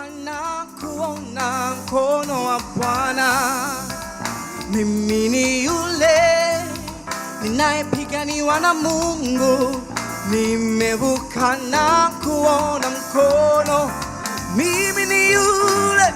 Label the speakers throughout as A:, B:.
A: sana kuona mkono wa Bwana. Mimi ni yule ninayepiganiwa na Mungu, nimevuka na kuona mkono. Mimi ni yule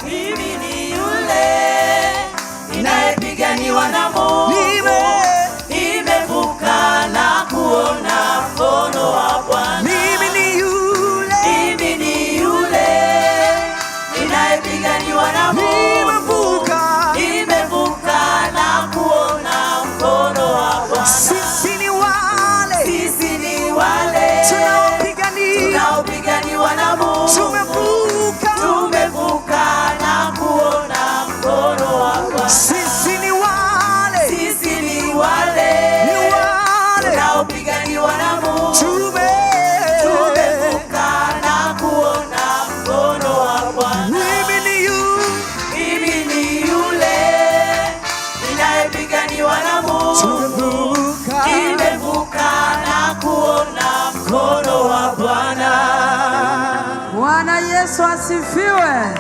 A: Yesu asifiwe.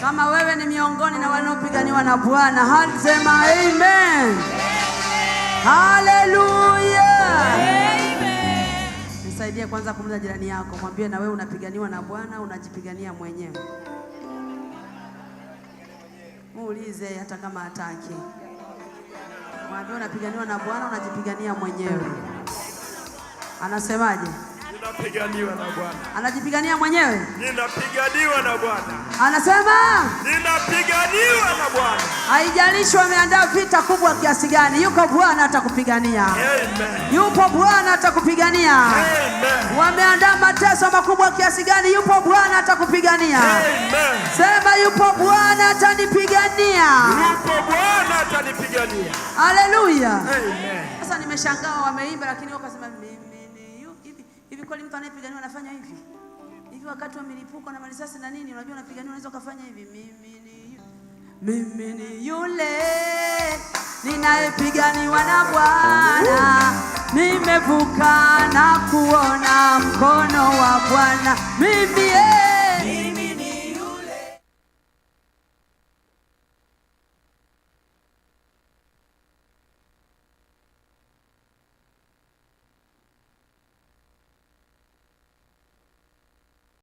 A: Kama wewe ni miongoni na wanaopiganiwa na Bwana, hadi amen. Haleluya. Nisaidie kwanza kumuza jirani yako, mwambie na wewe unapiganiwa na Bwana, unajipigania mwenyewe. Muulize hata kama hataki. Mwambie unapiganiwa na Bwana, unajipigania mwenyewe. Anasemaje?
B: Ninapiganiwa na Bwana.
A: Anajipigania mwenyewe.
B: Ninapiganiwa na Bwana.
A: Anasema
B: ninapiganiwa na Bwana.
A: Haijalishi wameandaa vita kubwa kiasi gani, yuko Bwana atakupigania.
B: Amen.
A: Yupo Bwana atakupigania.
B: Amen.
A: Wameandaa mateso makubwa kiasi gani, yupo Bwana atakupigania. Amen. Sema yupo Bwana atanipigania.
B: Yupo Bwana atanipigania.
A: Haleluya.
B: Amen.
A: Sasa nimeshangaa wameimba lakini wakasema mimi Hivi kweli mtu anayepiganiwa anafanya hivi? Hivi wakati wa milipuko na marisasi na nini, unajua unapiganiwa unaweza kufanya hivi. Mimi ni mimi ni yule ninayepiganiwa na Bwana, nimevuka na kuona mkono wa Bwana mimi